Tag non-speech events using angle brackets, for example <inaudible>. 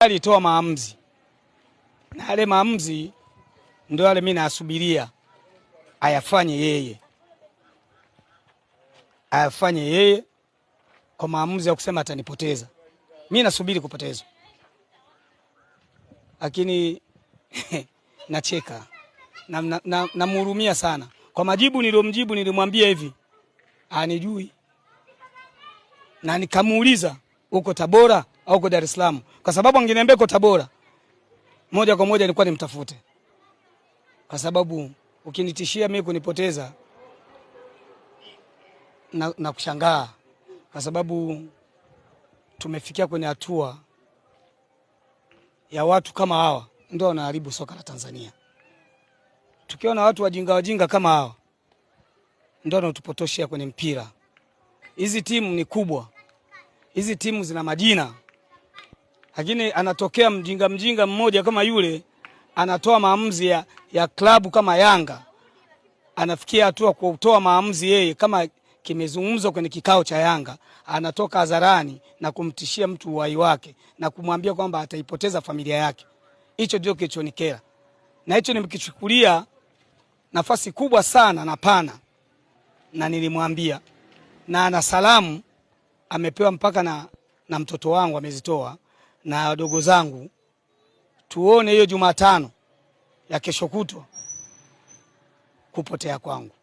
alitoa maamuzi na yale maamuzi ndio yale mimi nasubiria ayafanye yeye, ayafanye yeye kwa maamuzi ya kusema atanipoteza mimi. Nasubiri kupotezwa, lakini <laughs> nacheka namhurumia na, na sana kwa majibu niliyomjibu. Nilimwambia hivi anijui na nikamuuliza uko Tabora auko Dar es Salaam, kwa sababu angeniambia uko Tabora, moja kwa moja nilikuwa nimtafute, kwa sababu ukinitishia mimi kunipoteza na, na kushangaa kwa sababu tumefikia kwenye hatua ya watu kama hawa ndio wanaharibu soka la Tanzania. Tukiona watu wajinga wajinga kama hawa ndio wanaotupotoshea kwenye mpira. Hizi timu ni kubwa, hizi timu zina majina lakini anatokea mjinga mjinga mmoja kama yule, anatoa maamuzi ya, ya klabu kama Yanga, anafikia hatua kutoa maamuzi yeye kama kimezungumzwa kwenye kikao cha Yanga, anatoka hadharani na kumtishia mtu uhai wake na kumwambia kwamba ataipoteza familia yake. Hicho ndio kilichonikera, na hicho nimekichukulia nafasi kubwa sana na pana, na nilimwambia na ana salamu amepewa mpaka na, na mtoto wangu amezitoa na wadogo zangu, tuone hiyo Jumatano ya kesho kutwa kupotea kwangu.